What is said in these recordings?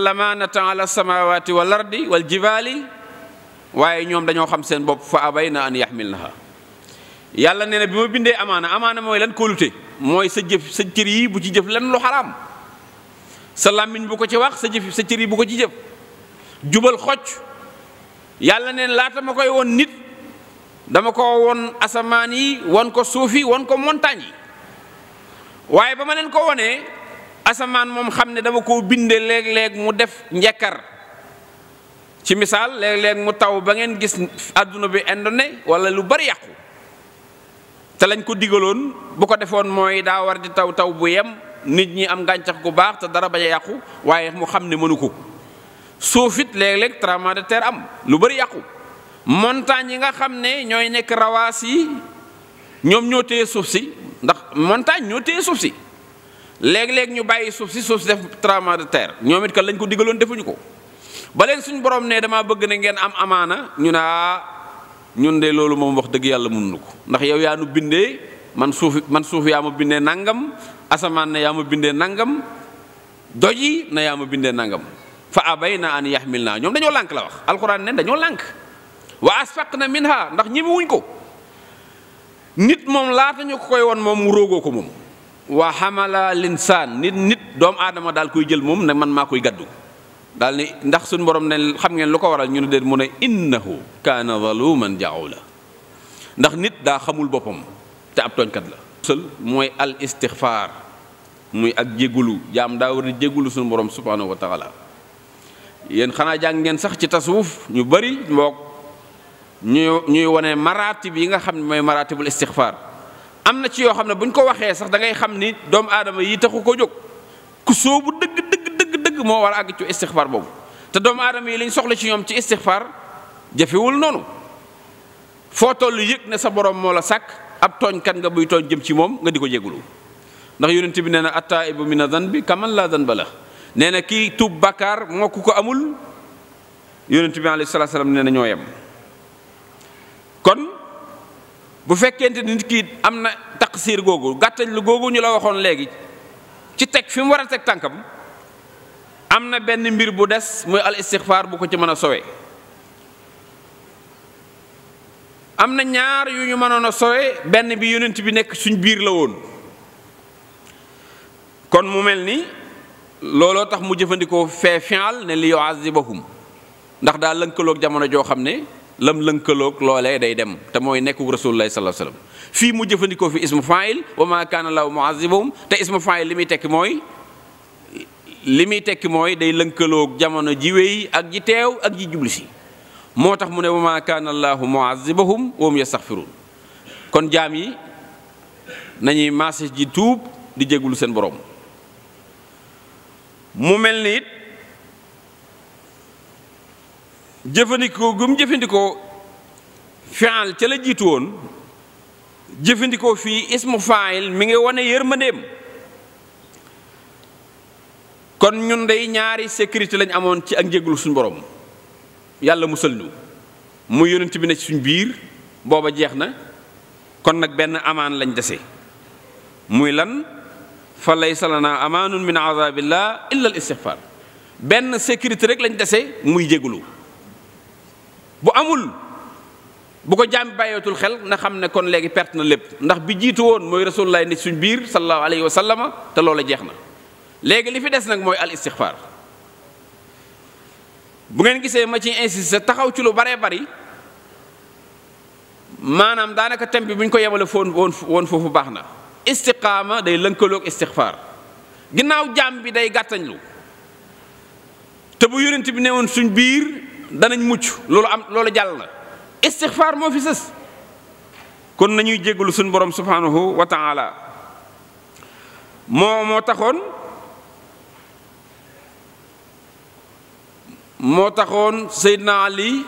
ya'lamaana ala samaawaati wal ardi wal jibaali waaye ñoom dañoo xam seen bopp fa abay abayna an yaxmilnaha yàlla nee na bi ma bindee amaana amaana mooy lan kóolute mooy sa jëf sa cër yi bu ci jëf lan lu xaraam sa làmmiñ bu ko ci wax sa jëf sa cër bu ko ci jëf jubal xocc yàlla neen laata ma koy won nit dama ko won asamaan yi won ko suufi yi won ko montagne waaye ba ma leen ko wonee asamaan moom xam ne dama koo bindee léeg-léeg mu def njekkar ci misaal léeg-léeg mu taw ba ngeen gis àdduna bi indone wala lu bari yàqu te lañ ko diggaloon bu ko defoon mooy daa war di taw taw bu yem nit ñi am gàncax gu baax te dara bañ a yàqu waaye mu xam ne mënu ko suuf it léeg-léeg de ter am lu bari yàqu montagne yi nga xam ne ñooy nekk rawaas yi ñoom ñoo téye suuf si ndax montagne ñoo téye suuf si léeg-léeg ñu bàyyi suuf si suuf si def tremblement de terre ñoom it lañ ko digaloon defuñu ko ba leen suñu borom ne damaa bëgg na ngeen am amaana ñu naa ah, ñun de loolu moom wax dëgg yàlla mënuñu ko ndax yow yaa nu bindee man suuf man suuf yaa ma bindee nangam asamaan ne yaa ma bindee nangam doj yi na yaa ma bindee nangam fa abay na an yaxmil naa ñoom dañoo lànk la wax alxuraan ne dañoo lànk wa asfaq na minha ndax ñimi ko nit moom laata ñu ko koy woon moom ko moom. waa xamala linsaan nit nit doomu aadama daal koy jël moom ne man maa koy gàddu daal ni ndax suñu borom ne xam ngeen lu ko waral ñu ne déet mu ne innahu kaana zaluman la ndax nit daa xamul boppam te ab tooñkat la mooy al muy ak jéggulu jaam daa war a jéggulu suñu borom subhanahu wa taala yéen xanaa jàng ngeen sax ci tasawuf ñu bari mboog ñuy ñuy wane maratib yi nga xam ne mooy maratibul istixfaar am na ci yoo xam ne bu buñ ko waxee sax da ngay xam ni doomu aadama yi taxu ko jóg ku soobu dëgg dëgg dëgg dëgg moo war a àgg ci istixfaar boobu te doomu aadama yi lañ soxla ci ñoom ci istixfaar jafewul noonu foo toll yëg ne sa boroom moo la sàkk ab tooñkat nga buy tooñ jëm ci moom nga di ko jégulu ndax yonent bi nee na attaibu mina danbi kaman la danba la nee na kii tuub bakkaar moo ku ko amul yonent bi alayhi salaatu salaam nee na yem bu fekkente nit kii am na taqsiir googu gàttañ lu googu ñu la waxoon léegi ci teg fi mu war a teg tànkam am na benn mbir bu des muy al istixfaar bu ko ci mën a sowe am na ñaar yu ñu mënoon a sowe benn bi yonent bi nekk suñ biir la woon kon mu mel ni looloo tax mu jëfandikoo fee fial ne li yuazibahum ndax daal lënkaloog jamono joo xam ne lam lënkaloog loolee day dem te mooy nekku rasulullahi sallallahu alayhi wasallam fii mu jëfandikoo fi ismu faayil wa ma kaana laahu muazibahum te ismu faayil li muy tekki mooy li muy tekki mooy day lënkaloog jamono ji wéy ak ji teew ak ji jubli moo tax mu ne wa ma kaana laahu muazibahum wa hum kon jaam yi nañuy maase ji tuub di jéggalu seen borom mu mel ni jëfandikoo gum jëfandikoo fi'al ca la jiitu woon jëfandikoo fii ismu faayil mi ngi wane yërmandeem kon ñun day ñaari sécurité lañ amoon ci ak njéglu suñu borom yàlla musal ñu mu yonent bi ne ci suñ biir booba jeex na kon nag benn amaan lañ dese muy lan fa laysa lana amaanun min azabillah illa al istixfaar benn sécurité rek lañ dese muy jéglu bu amul bu ko jaam bàyyeetul xel na xam ne kon léegi perte na lépp ndax bi jiitu woon mooy rasulullah ne suñ biir sallallahu alayhi wa sallama te loola jeex na léegi li fi des nag mooy al istixfaar bu ngeen gisee ma ci insisté taxaw ci lu baree bari maanaam daanaka thème bi bu ñu ko yemale foon woon foofu baax na istiqaama day lënkaloog istixfaar ginnaaw jaam bi day gàttañlu te bu yonent bi newoon suñ biir danañ mucc loolu am loolu jàll na istixfaar moo fi sës kon nañuy jégalu suñ borom subhanahu wa taala moo moo taxoon moo taxoon Seydina Ali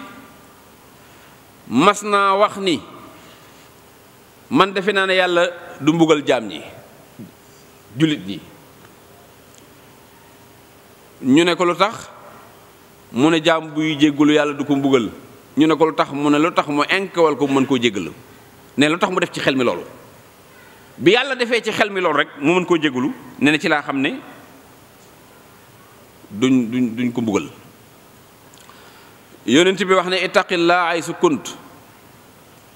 mas naa wax ni man defe naa ne yàlla du mbugal jaam yi jullit ñi ñu ne ko lu tax mu ne jaam buy jéggalu yàlla du ko mbugal ñu ne ko lu tax mu ne lu tax mu inkewal ko mën koo jéggalu ne lu tax mu def ci xel mi loolu bi yàlla defee ci xel mi loolu rek mu mën koo jéggalu ne na ci laa xam ne duñ duñ ko mbugal yonent bi wax ne ittaqillaa ay su kunt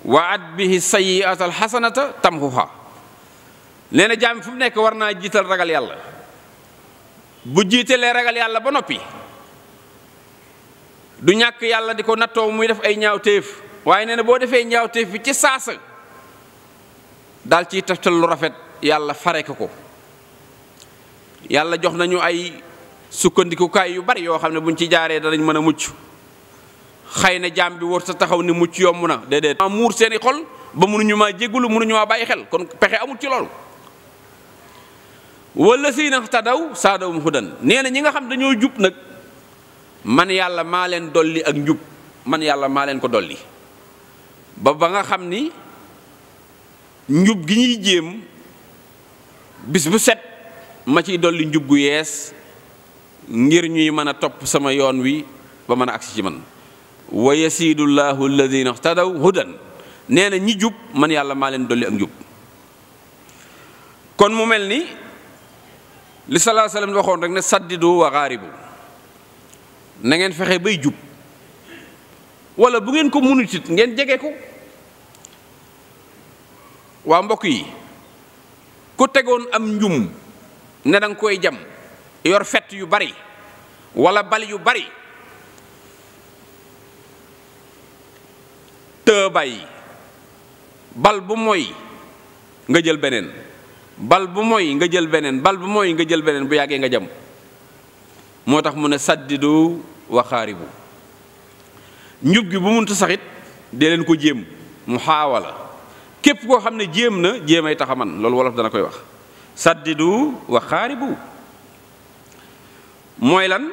wa at bihi sayiata alxasanata tamxuha nee na jaam fu mu nekk war naa jiital ragal yàlla bu jiitalee ragal yàlla ba noppi du ñàkk yàlla di ko nattoo muy def ay ñaawteef waaye nee boo defee ñaawteef bi ci saasa daal ciy taftal lu rafet yàlla fare ko ko yàlla jox nañu ay sukkandikukaay yu bari yoo xam ne buñ ci jaaree danañ mën a mucc xëy na jaam bi war sa taxaw ni mucc yomb na déedéet. maa muur seeni xol ba ñu maa jéggulu mënuñu maa bàyyi xel kon pexe amul ci loolu wala si na tadaw saadawum hudan nee na ñi nga xam dañoo jub nag. man yàlla maa leen dolli ak njub man yàlla maa leen ko dolli ba ba nga xam ni njub gi ñuy jéem bis bu set ma ciy dolli njub gu yees ngir ñuy mën a topp sama yoon wi ba mën a agsi ci man wa yasiidu llaahu alladina htadaw hudan nee na ñi jub man yàlla maa leen dolli ak njub kon mu mel ni li salaa sallam waxoon rek ne saddidu wa xaaribu na fexe bay jub wala bu ngeen ko mënut it ngeen jege ko waa mbokk yi ku tegoon am njum ne danga koy jam yor fett yu bari walla bal yu bari te bàyyi bal bu moy nga jël beneen bal bu mooy nga jël beneen bal bu mooy nga jël beneen bu yàggee nga jam moo tax mu ne saddidu waxaaribu njub gi bu munta saxit dee leen ko jéem mu xaawala képp koo xam ne jéem na jéemay tax a man loolu wolof dana koy wax saddidu waxaaribu mooy lan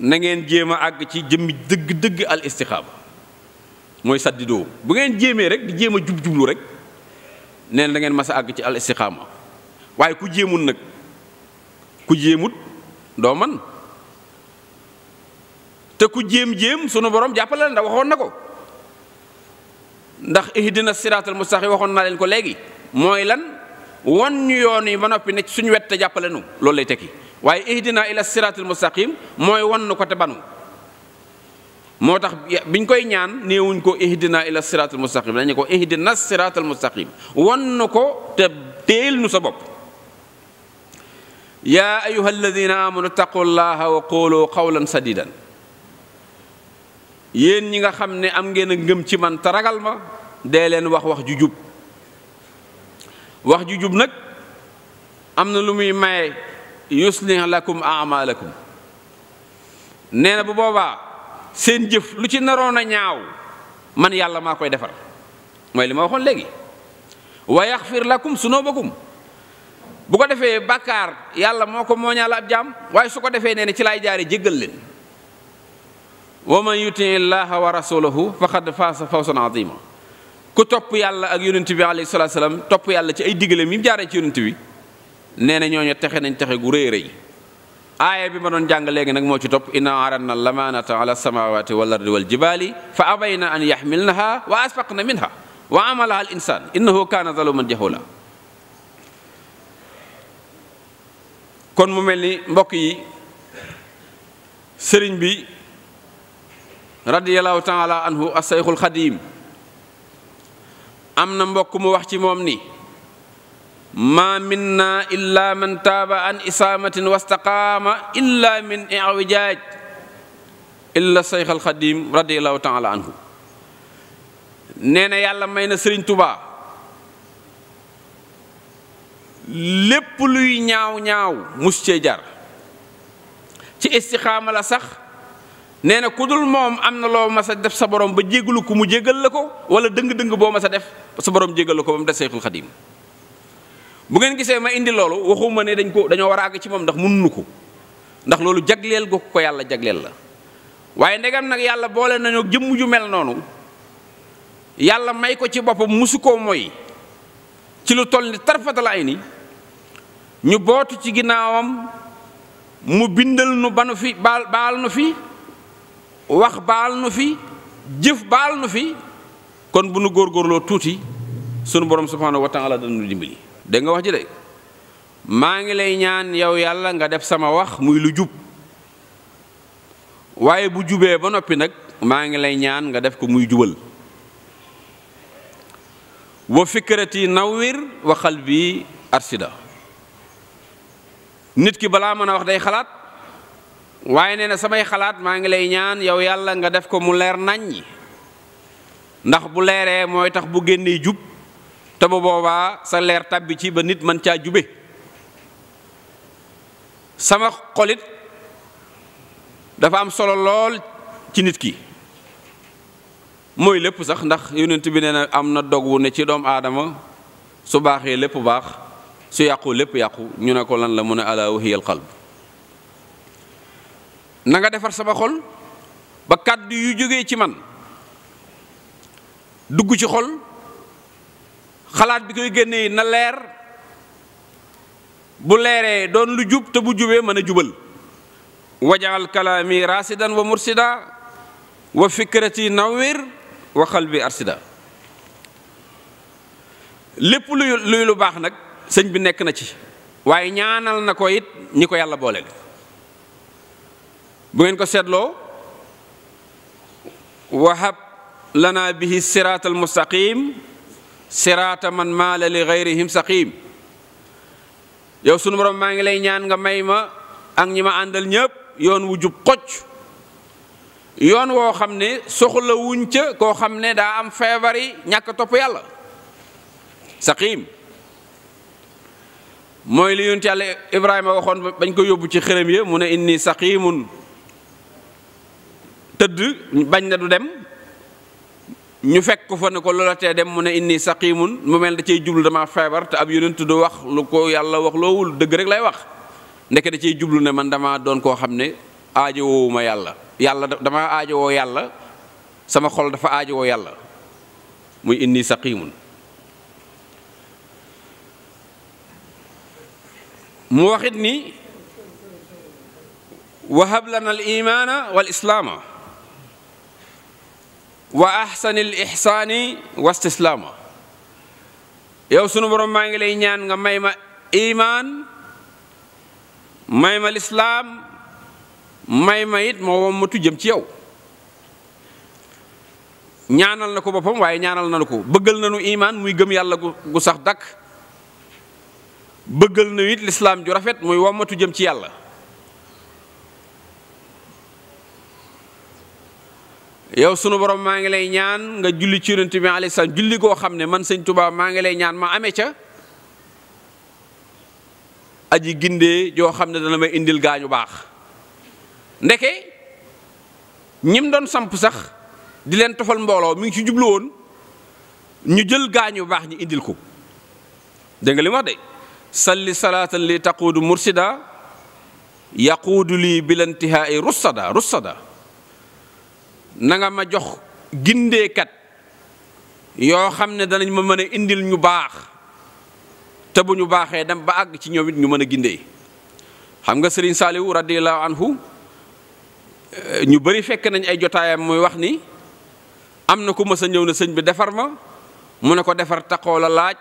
na ngeen jéem a àgg ci jëmm dëgg dëgg al mooy saddidoo bu ngeen jéemee rek di jéem a jub jublu rek neen da ngeen mas a àgg ci al waaye ku jéemut nag ku jéemut doo man te ku jéem-jéem sunu borom jàppale la ndax waxoon na ko ndax ihdina siraatal mustaqim waxoon naa leen ko léegi mooy lan won ñu yoon yi ba noppi ne suñu wet te jàppale nu loolu lay tekki waaye ihdina ila siraatal mustaqim mooy won nu ko te banu moo tax biñ koy ñaan néewuñ ko ihdina ila siraatal mustaqim dañu ko ihdina siraatal mustaqim won nu ko te téel nu sa bopp yaa ayuha alladina amanu taqu llaha wa qulu qawlan sadidan yéen ñi nga xam ne am ngeen a ngëm ci man te ragal ma dee leen wax wax ju jub wax ju jub nag am na lu muy maye yuslih lakum amalakum nee na bu boobaa seen jëf lu ci naroon a ñaaw man yàlla maa koy defar mooy li ma waxoon léegi wa yaxfir lakum sunubakum bu ko defee bàkkaar yàlla moo ko mooñaal ab jaam waaye su ko defee nee na ci laay jaare jéggal leen wa man yuti illaha wa rasulahu faqad faasa fawsan azima ku topp yàlla ak yonent bi alayhi salaatu salaam topp yàlla ci ay digaleem yi mu jaaree ci yonent bi nee na ñooñu texe nañ texe gu rëy rëy aaya bi ma doon jàng léegi nag moo ci topp inna aradna lamanata ala samawati wal ardi wal jibali fa abayna an yaxmilnaha wa asfaqna minha wa amalaha al insan innahu kaana zaluman jahula kon mu mel ni mbokk yi sëriñ bi radiyallahu taala anhu asayxul xadiim am na mbokk mu wax ci moom ni ma minna illa man taaba an isaamatin wastaqaama illa min iwijaaj illa sayxal xadiim radiyallahu taala anhu nee na yàlla may na sëriñ tubaa lépp luy ñaaw ñaaw mus cee jar ci istixaama la sax nee na ku dul moom am na loo mas a def sa borom ba jégalu ko mu jégal la ko wala dëng-dëng boo mas a def sa borom jégal la ko ba mu des Seexul Xadiim bu ngeen gisee ma indi loolu waxuma ne dañ ko dañoo war àgg ci moom ndax munu ko ndax loolu jagleel gu ko yàlla jagleel la waaye ndegam nag yàlla boole nañoo jëmm ju mel noonu yàlla may ko ci boppam musu koo mooy ci lu toll ni tarfatal ay ni ñu bootu ci ginnaawam mu bindal nu banu fi baal baal nu fi wax baal nu fi jëf baal nu fi kon bu nu góor góorloo tuuti sunu borom subhaanahu wa taala danu dimbali dégg wax ji de maa ngi lay ñaan yow yàlla nga def sama wax muy lu jub waaye bu jubee ba noppi nag maa ngi lay ñaan nga def ko muy jubal wa fikrati nawwir waxal bi arsida nit ki balaa mën a wax day xalaat waaye nee na samay xalaat maa ngi lay ñaan yow yàlla nga def ko mu leer naññi ndax bu leeree mooy tax bu génnee jub te bu boobaa sa leer tàbbi ci ba nit mën caa jube sama xolit dafa am solo lool ci nit ki mooy lépp sax ndax yonent bi nee na am na dog wu ne ci doomu aadama su baaxee lépp baax su yàqu lépp yàqu ñu ne ko lan la mu ne ala wahiya al qalb na defar sama xol ba kàddu yu jógee ci man dugg ci xol xalaat bi koy génnee na leer bu leeree doon lu jub te bu jubee mën a jubal wajaal kalaami rasidan wa mursida wa fikrati nawwir wa qalbi arsida lépp luy lu baax nag sëñ bi nekk na ci waaye ñaanal na ko it ñi ko yàlla booleel bu ngeen ko seetloo wahab lana bihi siraat al mustaqim siraata man maala li gayrihim saqim yow sunu borom maa ngi lay ñaan nga may ma ak ñi ma àndal ñëpp yoon wu jub xocc yoon woo xam ne soxla wuñ ca koo xam ne daa am feebari ñàkk topp yàlla saqim mooy li yonent yàlla ibrahima waxoon bañ ko yóbbu ci xërëm ya mu ne ini inni saqiimun tëdd bañ na du dem ñu fekk ko fa ne ko loola tee dem mu ne inni saqiimun mu mel da cey jublu dama feebar te ab yonent du wax lu ko yàlla wax loowul dëgg rek lay wax ndeke da cey jublu ne man dama doon koo xam ne aajowowuma yàlla yàlla dama aajowoo yàlla sama xol dafa aajo woo yàlla muy inni saqiimun mu waxit ni wahab lana al imaana wal islaama wa ahsani al wa istislaama yow sunu borom maa ngi lay ñaan nga may ma imaan may ma lislaam may ma it moo wommatu jëm ci yow ñaanal na ko boppam waaye ñaanal na ko bëggal nanu imaan muy gëm yàlla gu sax dakk bëggal na it lislaam ju rafet muy wammatu jëm ci yàlla yow sunu borom maa ngi lay ñaan nga julli ci yonent bi alayhi salaam julli koo xam ne man sañ tubaab maa ngi lay ñaan ma amee ca aji gindee joo xam ne dana may indil gaañu baax ndeke ñim doon samp sax di leen tofal mbooloo mi ngi ci jublu woon ñu jël gaañu baax ñu indil ko dégg nga li wax de salli salaatan li taquudu mursida yaquudu lii bilantihaai russada russada nanga ma jox gindeekat yoo xam ne danañ ma mën a indil ñu baax te bu ñu baaxee dem ba àgg ci ñoom it ñu mën a gindee xam nga sëriñ saaliwu radiallahu anhu eh, ñu bari fekk nañ ay jotaayam muy wax ni am na ku mës a ñëw na sëñ bi defar ma mu ne ko defar taqoo la laaj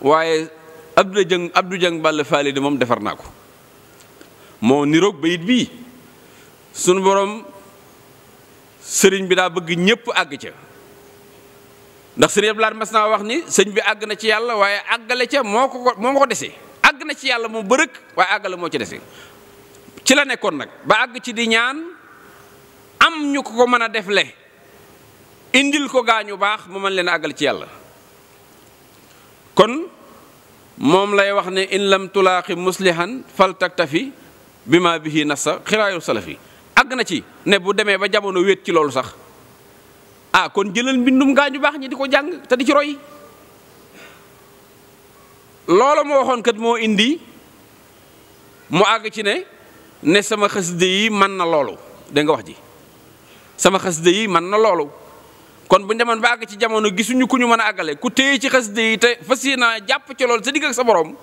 waaye Abdou Dieng Abdou Dieng Balla Faali di moom defar naa ko moo niroog bayit bii sunu boroom sëriñ bi daa bëgg ñépp àgg ca ndax sëriñ Abdoulaye mas naa wax ni sëñ bi àgg na ci yàlla waaye àggale ca moo ko moo ko dese àgg na ci yàlla moom bërëkk waaye àggale moo ci dese ci la nekkoon nag ba àgg ci di ñaan am ñu ko ko mën a def indil ko gaañu baax mu mën leen àggale ci yàlla kon moom lay wax ne in lam tulaaqi muslihan fal taktafi bi ma bihi nassa xiraayu salafi àgg na ci ne bu demee ba jamono wéet ci loolu sax aa ah kon jëlal mbindum gaañu baax ñi di ko jàng te di ci roy loolu moo waxoon kat moo indi mu àgg ci ne ne sama xasida yi mën na loolu danga wax ji sama xasida yi mën na loolu kon bu demoon ba àgg ci jamono gisuñu ku ñu mën a àggale ku téye ci xasida yi te fas naa jàpp ci lool sa digg ak sa borom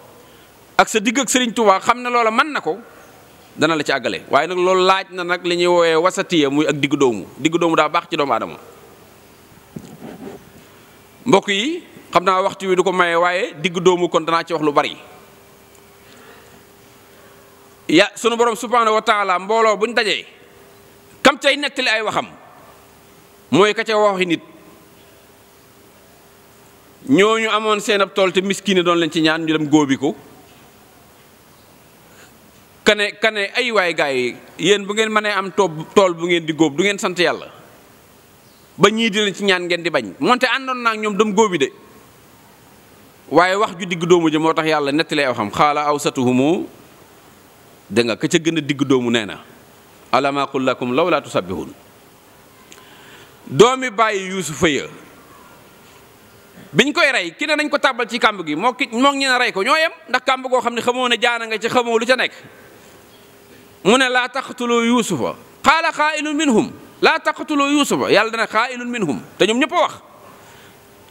ak sa digg ak Serigne xam ne loola man na ko dana la ci àggale waaye nag loolu laaj na nag li ñuy woowee wasatiya muy ak diggu doomu digg doomu daa baax ci doomu aadama mbokk yi xam naa waxtu wi du ko maye waaye diggu doomu kon danaa ci wax lu bari ya sunu borom subhaanahu wa taala mbooloo buñ dajee kam cay nettali ay waxam. mooy ka ca waxi nit ñooñu amoon seen ab tool te miskine doon leen ci ñaan ñu dem góobi ko kane kane ay waay gars yi yéen bu ngeen mënee am toob tool bu ngeen di góob du ngeen sant yàlla ba ñii di leen ci ñaan ngeen di bañ moonte àndoon naa ak ñoom dem góobi de waaye wax ju digg doomu ja moo tax yàlla nettalee aw xam xaala aw satuhumu da nga ka ca gën a digg doomu nee na alama qul lakum law laa doomi bàyyi yuusufa ya biñ koy rey ki ne nañ ko tàbbal ci kàmb gi moo ki moo ñeen rey ko ñoo yem ndax kàmb goo xam ne xamoo ne jaana nga ci xamoo lu ca nekk mu ne laa taqtulu yuusufa qaala qaailun minhum laa taqtulu yuusufa yàlla dana qaailun minhum te ñoom ñëpp a wax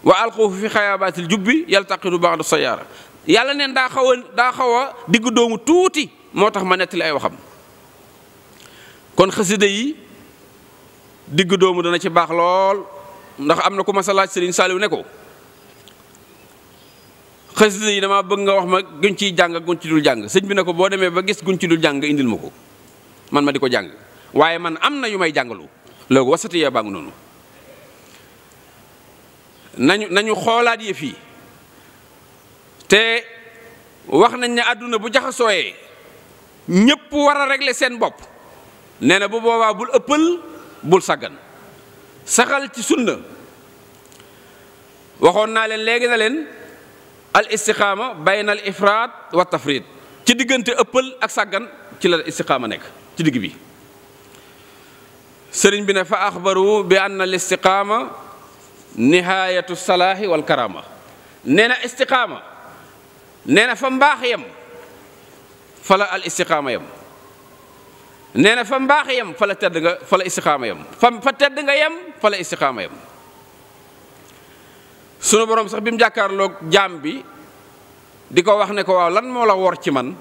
wa alquuhu fi xayabaatil jubbi yaltaqitu ba'du sayaara yàlla neen daa xaw a daa xaw a digg doomu tuuti moo tax ma nettali ay waxam kon xasida yi digg doomu dana ci baax lool ndax am na ku ma sa laaj Serigne Saliou ne ko xasida yi dama bëgg nga wax ma guñ ciy jàng guñ ci dul jàng sëñ bi ne ko boo demee ba gis guñ ci dul jàng nga indil ma ko man ma di ko jàng waaye man am na yu may jàngalu loolu wasati yaa baa noonu nañu nañu xoolaat yëf fii te wax nañ ne àdduna bu jaxasooyee ñëpp war a régler seen bopp nee na bu boobaa bul ëppal bul sàggan saxal ci sunna waxoon naa leen léegi na leen al istiqaama bayna al ifraat wa tafriit ci diggante ëppal ak sàggan ci la istiqaama nekk ci digg bi sëriñ bi ne fa axbaru bi anna al istiqaama nihaayatu salaahi wal nee na istiqaama nee na fa mbaax yem fala al istiqaama yem nee na fa mbaax yem fa la tedd nga fa la istixaama yem fa fa tedd nga yem fa la istixaama yem sunu boroom sax bi mu jàkkaarloog jaam bi di ko wax ne ko waaw lan moo la wor ci man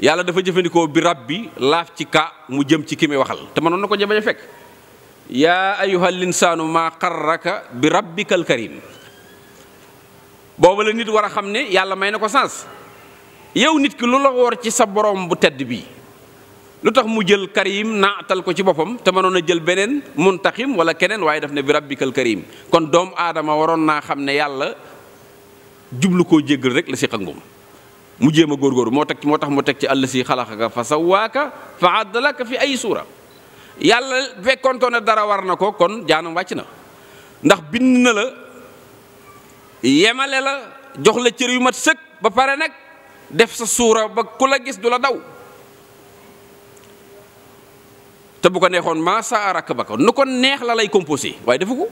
yàlla dafa jëfandikoo bi rab bi laaf ci ka mu jëm ci ki muy waxal te mënoon na ko jëbañ a fekk yaa ayuha linsaanu maa xarraka bi rabbikal karim boobu la nit war a xam ne yàlla may na ko sens yow nit ki lu la wor ci sa boroom bu tedd bi lu tax mu jël karim naatal ko ci boppam te mënoon a jël beneen muntaxim wala keneen waaye daf ne bi rabbikal karim kon doomu aadama waroon naa xam ne yàlla jublu koo jéggal rek la si xangum mu jéem a góorgóorlu moo teg ci moo tax mu teg ci àll si xalaxaka fa sawaaka fa addalaka fi ay suura yàlla fekkontoo ne dara war na ko kon jaanam wàcc na ndax bind na la yemale la jox la cër yu mat sëkk ba pare nag def sa suura ba ku la gis du la daw te bu ko neexoon maasaa rakk ba ko nu ko neex la lay composé waaye defu ko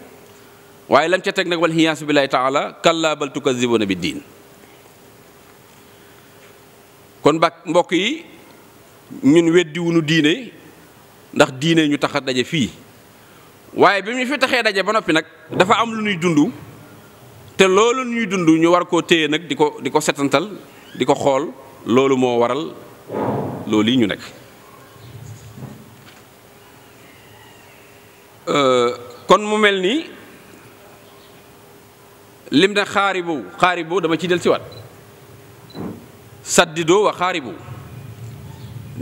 waaye lam ca teg nag wal xiyaas billahi taala kallaa bal tukazibuna bi diin kon ba mbokk yi ñun weddiwunu diine ndax diine ñu tax daje fii waaye bi muy fi taxee daje ba noppi nag dafa am lu ñuy dund te loolu ñuy dund ñu war koo téye nag di ko di ko setantal di ko xool loolu moo waral loolu yi ñu nekk Euh, kon mu mel ni lim na xaari xaaribu dama ci del siwaat saddidoo wa xaaribu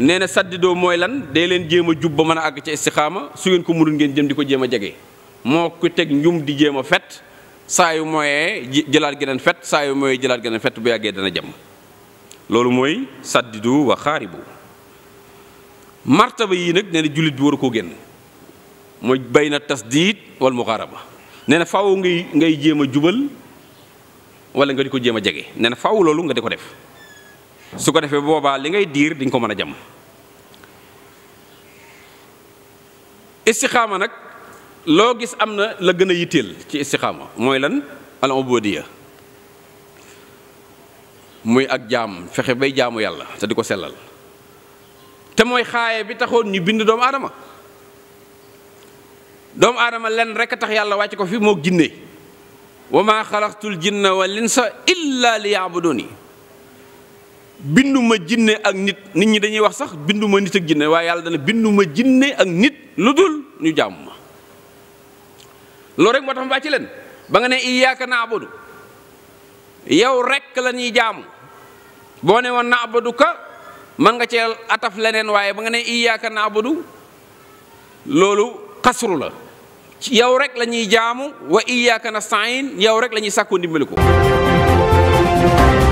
nee na saddidoo mooy lan day leen jéem a jub ba mën a àgg ca istixaama su ngeen ko mënul ngeen jëm di ko jéem a jege moo ko teg njum di jéem a fet saa yu mooyee jëlaat geneen fet saa yu mooyee jëlaat geneen fet bu yàggee dana jëm loolu mooy saddidu wa xaaribu martaba yii nag nee na jullit bi waru ko génn mooy bay na tasdiid wal muqaaraba nee na faaw ngay ngay jéem a jubal wala nga di ko jéem a jege nee na faaw loolu nga di ko def su ko defee boobaa li ngay diir di nga ko mën a jàmm istixaama nag loo gis am na la gën a yitteel ci istixaama mooy lan al ubudiyya muy ak jaam fexe bay jaamu yàlla te di ko sellal te mooy xaaye bi taxoon ñu bind doomu aadama doomu aadama lenn rek tax yàlla wàcc ko fi moo jinne wa maa xalaqtul jinna wal insa illa li yaabuduni binduma jinne ak nit nit ñi dañuy wax sax binduma nit ak jinne waaye yàlla dana binduma jinne ak nit lu dul ñu jàmm loolu rek moo tax mu wàcc leen ba nga ne iyyaka na'budu yow rek la ñuy boo ne woon na'buduka mën nga cee ataf leneen waaye ba nga ne iyyaka na'budu loolu xasru la yow rek la ñuy jaamu wa iyyaka nasta'in yow rek lañuy ñuy sàkkoo ko